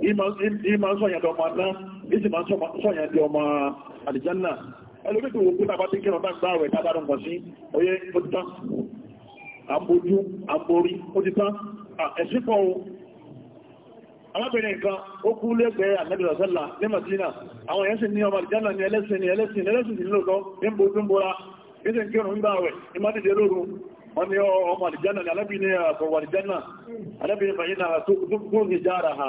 B: e sọ́yẹ̀dọ̀ ọmọ aná ìsì máa sọ́yẹ̀dọ̀ ọmọ àdìjánà ẹlòmítì òkú tàbá tí kírọ̀ tàbí oye tàbárùn pọ̀ alábìnrin kan ó kú lẹ́gbẹ̀ẹ́ àmẹ́bìrọ̀sẹ́là ní Madina àwọn ẹ̀yẹ́sìn ní ọmọ àdìjánà ní ẹlẹ́sìn ní ẹlẹ́sìn ẹlẹ́sìn ní lóòtọ́ ní wọ́n ni ha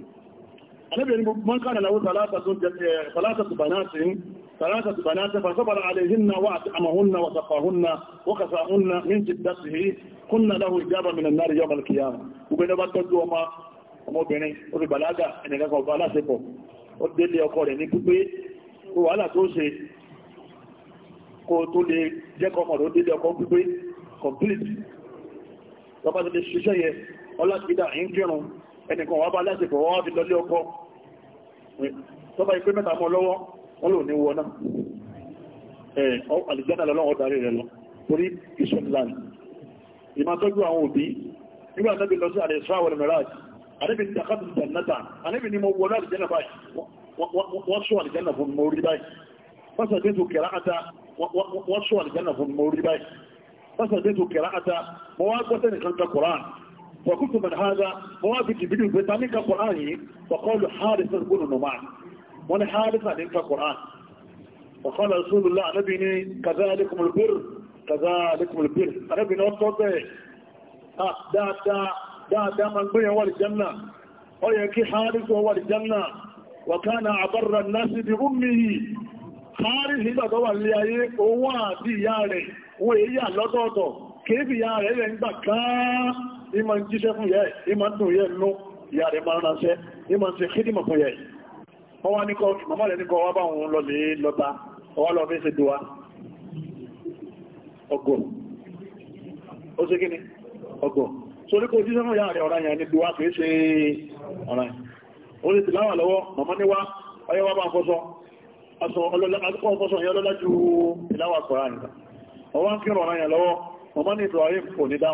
B: alẹ́bìnrin mọ́n kánà láwọ́ tàlátàtù banatin tàlátàtù banatin fasabara alaihinna wa amahunna wa safahunna wa kasahunna min jiddatihi kunna lahu ijaba min annari yawm al-qiyama gbogbo ẹni bá tọ́jú ọmọ ọmọbìnrin ó fi bàlágà ẹnìkankan ọba aláṣepọ̀ ó délé ọkọ rẹ̀ ní pípé wàhálà tó ṣe kó tó lè jẹ́kọ́ ọmọ rẹ̀ ó délé ọkọ pípé complete lọ́pàá ti lè ṣiṣẹ́ yẹ ọlá ti dá ẹ̀yìn kírun ẹnìkan wà bá aláṣepọ̀ wọ́n fi lọlé ọkọ tó bá ipé mẹ́ta mọ́ lọ́wọ́ wọ́n lò ní wọ́n náà alìjẹ́nà lọ́wọ́ darí rẹ̀ lọ orí ìṣọ́nìlàn ìmá tọ́jú àwọn òbí nígbà tẹ́bí lọ sí àrẹ ìṣọ́wọ̀n mẹ́raj àrẹ́bí ní àkàtù jannata àrẹ́bí ni mo wọ́n alìjẹ́nà báyìí wọ́n sọ alìjẹ́nà fún mọ́ orí báyìí wọ́n sọ jésù kẹrà ata wọ́n sọ alìjẹ́nà fún mọ́ orí báyìí wọ́n sọ jésù kẹrà ata mọ́ wá gbọ́sẹ̀ nìkan ka Kùránì وكنت من هذا موافق بدون بتانيك قرآني وقالوا حارث بن نمان وانا حارث عليك قرآن وقال رسول الله نبيني كذلكم البر كذلكم البر نبيني أطلب آه دا دا دا دا من بي هو الجنة ويكي حارث هو الجنة وكان عبر الناس بأمه حارث إذا دوا اللي هو دي ياري وهي لطوطو كيف ياري لنبكا ìmọ̀ jíṣẹ́ fún yẹ́ ìmọ̀ dùn yẹ́ ló ìyá rẹ̀ máa ránṣẹ́ ìmọ̀ ṣe kídìmọ̀ fún yẹ́ wọ́n wá ní kọ́ mọ́mọ́ rẹ̀ ní kọ́ wá bá òun lọ lè lọ́ta ọwá lọ fi ṣe dùwà ọgọ̀ ó ṣe kíni ọgọ̀ sórí kò jíṣẹ́ fún yá rẹ̀ ọ̀rá yẹn ní dùwà kìí ṣe ọ̀rá yẹn ó lè ti láwà lọ́wọ́ mọ̀mọ́ níwá ọyẹ́ wá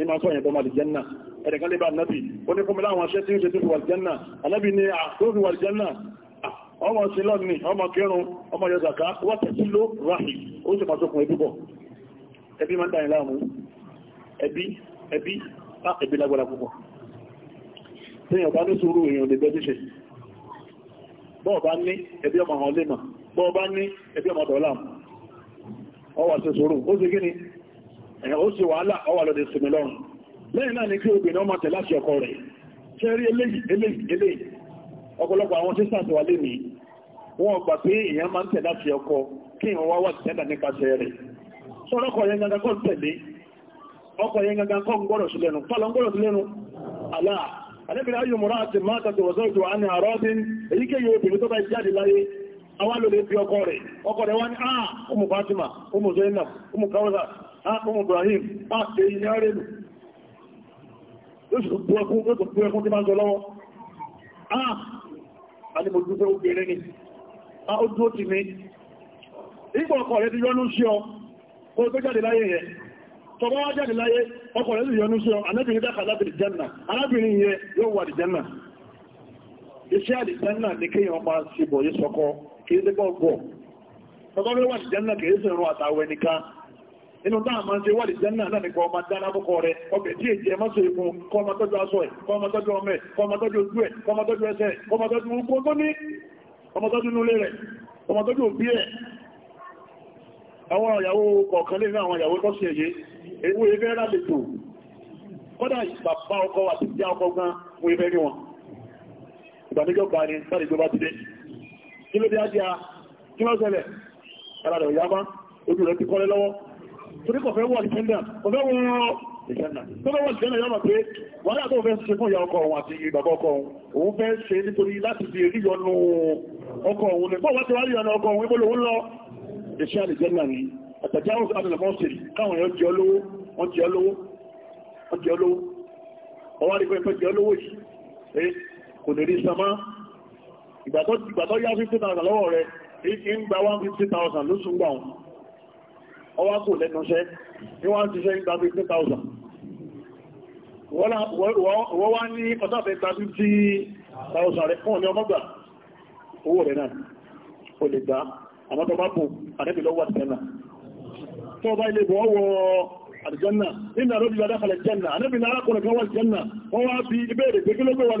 B: ní máa sọ́yìn tó máa lè jẹ́nà ẹ̀rẹ̀kan lè bá nábi ó ní kúnmílá àwọn aṣẹ́ tí ó ṣe tó fi wà jẹ́nà anábi ni àtóòfin wà jẹ́nà ọmọ sí lọ́nì ọmọ kírun ọmọ yọzàká wọ́tẹ̀ sí ló ráhì ó sì máa sókun ẹbí bọ̀ ẹbí máa ń ẹ̀yàn ó sì wàhálà ọwà lọ́dẹ̀ sinmi lọ́rùn lẹ́yìn náà ni kí obìnrin ọmọ tẹ̀ láti ọkọ rẹ̀ ṣe rí eléyìí ọ̀pọ̀lọpọ̀ àwọn tí sàtọ̀wà lè ní wọ́n gbà pé èèyàn máa ń tẹ̀ láti ọkọ kí ìwọ̀n wá wà tẹ́lá nípasẹ̀ rẹ̀ sọ́rọ́kọ̀ yẹn gangan kọ́ tẹ̀lé ọkọ̀ yẹn gangan kọ́ gbọ́rọ̀ sí lẹ́nu fọ́lọ̀ gbọ́rọ̀ sí lẹ́nu aláà alẹ́bìnrin ayò mọ́ra àti máa tàbí wọ́sọ́ ọkọ rẹ̀ ọkọ rẹ̀ wá ní àà ah, ọmọ Fatima ọmọ Zainab ọmọ Kawza ọmọ Ibrahim pàṣẹ ilẹ̀ arẹ́lù lóṣù bú ẹkún tó bú ẹkún tí máa ń sọ lọ́wọ́ ah a ní mo dúpẹ́ obìnrin ni a ó dúó ti mi ipò ọkọ rẹ̀ ti yọnú sí ọ kó tó jáde láyé rẹ̀ tọba wá jáde láyé ọkọ rẹ̀ ti yọnú sí ọ anábìnrin dákà lábìnrin jẹ́nà arábìnrin yẹ yóò wà dìjẹ́nà iṣẹ́ àdìjẹ́nà ní kéèyàn máa ṣe bọ̀ yé sọkọ kìí dẹ́gbọ́ gbọ́ tọ́gọ́ fẹ́ wà dìjẹ́nà kìí sọ̀rọ̀ àtàwẹ̀ nìkan inú táà máa ń ṣe wọ́lì jẹ́nà náà nìkan ọmọ dáná púpọ̀ rẹ̀ ọbẹ̀ tí èjì ẹmọ́ sí ikun kọmọ tọ́jú aṣọ ẹ̀ kọmọ tọ́jú ọmọ ẹ̀ kọmọ tọ́jú ojú ẹ̀ kọmọ tọ́jú ẹsẹ̀ kọmọ tọ́jú ukú tó ní ọmọ tọ́jú nulé rẹ̀ ọmọ tọ́jú òbí ẹ̀ àwọn ìyàwó kọ̀ọ̀kan lè ní àwọn ìyàwó tó ṣe èyí ewu ẹgbẹ́ lálejò kọ́dà bàbá ọkọ àti ìyá ọkọ gan wọn ẹgbẹ́ rí wọn ìgbàmíjọ́ bá ní láti gbọ́ bá ti dé kí ló dé á jẹ́ a kí lọ́sẹ̀lẹ̀ ara rẹ̀ ìyá bá ojú rẹ̀ ti kọ́lé lọ́wọ́ torí kọ̀fẹ́ wọ̀ ìfẹ́ndà kọ̀fẹ́ wọ̀ ìfẹ́ndà tó lọ́wọ́ ìfẹ́ndà yọ́mà pé wọ́n dá tó fẹ́ ṣe fún ìyá ọkọ òun àti bàbá ọkọ òun òun fẹ́ ṣe nítorí láti fi rí yọnu ọkọ òun lè fọ́wọ́ tó wá rí yọnu ọkọ òun ibò lòun lọ iṣẹ́ àlìjẹ́nà ni àtàjáwò adìlẹ̀mọ́sìrì káwọn èèyàn jẹ́ olówó wọ́n jẹ́ olówó wọ́n jẹ́ olówó ọwọ́ rí pẹ́pẹ́ jẹ́ olówó yìí kò lè rí samá ìgbàtọ́ yá 50,000 lọ́wọ́ rẹ̀ ń gba 150,000 lóṣùgbà ọwá kò lẹ́nuṣẹ́ ní wọ́n ti ṣe ìgbà 15,000 wọ́n wá ní ọ̀sáfẹ́ ìgbà 50,000 rẹ̀ fún ọ̀nà ọmọgbà owó rẹ̀ náà o lè gbá àmọ́tọ̀ bá bò àdẹ́bì lọ́wọ́ àtìjẹ́nà tó bá ilé bọ́ wọ àtìjẹ́nà nínú àrọ́bì lọ́dá kalẹ̀ jẹ́nà àdẹ́bì lárákùnrin kan wà jẹ́nà wọ́n wá bí ibẹ̀rẹ̀ pé kí ló gbé wà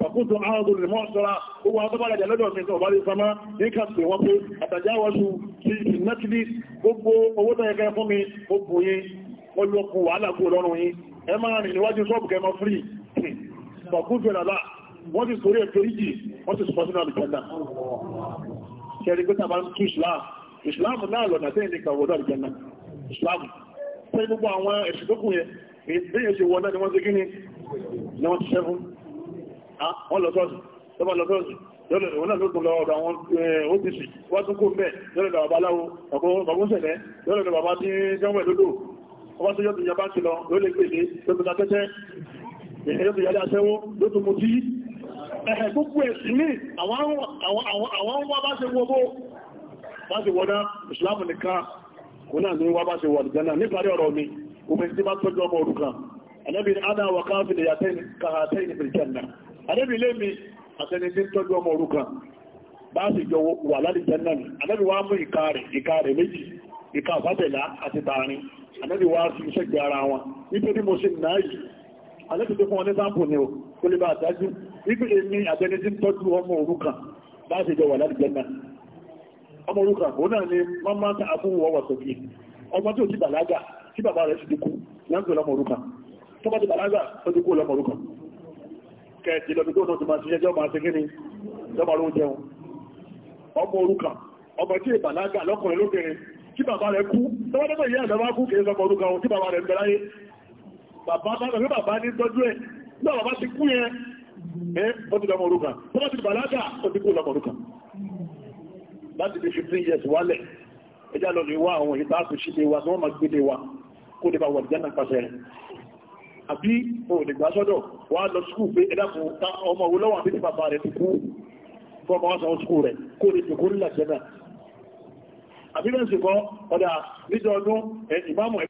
B: fàkútù àádùn lè mọ́ṣọ́ra ó wà tọ́bára jẹ lọ́dọ̀ mi tọ́bárí sama ní kàpẹ̀ wọ́n pé àtàjáwọ́sù ti ìnákìlì gbogbo owó tó yẹkẹ fún mi ó bù yín wọ́n lọ kù wàhálà kú lọ́rùn yín ẹ máa rìn níwájú sọ́ọ̀bù kẹmọ frí fàkútù làlá wọ́n ti sórí ẹ̀fẹ́ yìí wọ́n ti sọ sínú àlùjẹ́nà kẹrin pé tàbá ń tú islam islam náà lọ̀nà tẹ́yìn ní kàwọ́dọ̀ àlùjẹ́nà islam tẹ́ gbogbo àwọn ẹ̀sùn tó kù yẹn èyí ṣe wọ́n náà ni wọ́n ti kí ni wọ́n ti ṣẹ́fún wọ́n lọ sọ́ọ̀sì tó bá lọ sọ́ọ̀sì òun náà ló tún lọ ọ̀dọ̀ àwọn eh, OPC wọ́n tún kó mẹ́ lọ́lọ́dọ̀ bàbá aláwo ọ̀gbọ́n sẹ̀lẹ̀ lọ́lọ́dọ̀ bàbá tí jẹ́wọ̀n lódò ọba tó yọ́tù yaba ti lọ ló lè pèsè tó tún tàtẹ́tẹ́ ìhẹ́ eh, yọ́tù yàdá sẹ́wọ́ ló tún mú tí ẹ̀hẹ̀ gbogbo ẹ̀sìn ní àwọn wá bá ṣe wọ́bó bá ṣe wọ́dá ìsìlámù nìkan kò náà ní wá bá ṣe wọ́dá jẹ́nà níparí ọ̀rọ̀ mi omi tí bá tọ́jú ọmọ òrukàn ẹ̀lẹ́bìn adá káàfin ìyàtẹ́ àdẹ́bì ilé mi àtẹni tí ń tọ́jú ọmọ òrukàn bá sì jọ wà láti jẹ́nà ni àdẹ́bì wá mú ìka rẹ̀ ìka rẹ̀ méjì ìka àfábẹ̀lá àti tààrin àdẹ́bì wá sí iṣẹ́ gbé ara wọn nítorí mo ṣe náà yìí àdẹ́bì tó fún wọn ní sáàpù ni o kó lè bá àdájú wípé èmi àtẹni tí ń tọ́jú ọmọ òrukàn bá sì jọ wà láti jẹ́nà ọmọ òrukàn òun náà ni mọ́mọ́ ta àbúrò ọwọ́ sọ̀kì ọmọ tí ò ti bàlágà tí bàbá rẹ̀ ti dikú lọ́mọ òrukàn tó kẹ̀ẹ̀tì lọ bí tó ti máa ṣiṣẹ́ jọ máa ṣe kí ni lọ́mọ ló jẹun ọmọ òrukàn ọmọ tí ìbàlágà lọ́kùnrin lóbìnrin kí bàbá rẹ̀ kú tọ́wọ́dọ́gbọ̀ ìyá àdọ́wà kú kìí sọmọ òrukàn ohun tí bàbá rẹ̀ ń bẹ láyé bàbá bá rẹ̀ bàbá ní tọ́jú ẹ̀ náà bàbá ti kú yẹn ẹ́ ó ti lọ́mọ òrukàn tọ́wọ́ ti bàlágà ó ti kú lọ́mọ òrukàn láti bí 15 years wálẹ̀ ẹjá lọ lè wá àwọn ìbáàkù sílé wa tí wọ́n máa gbélé wa kó lè bá wà jẹ́ náà àbí òdìgbà sọ́dọ̀ wà lọ skú pé ẹ̀dàkùn ọmọ owó lọ́wọ́ àti bàbá rẹ̀ ti kú fọ́mọ wá sọ skú rẹ̀ kó lè tó
A: kó nílẹ̀ jẹ́ náà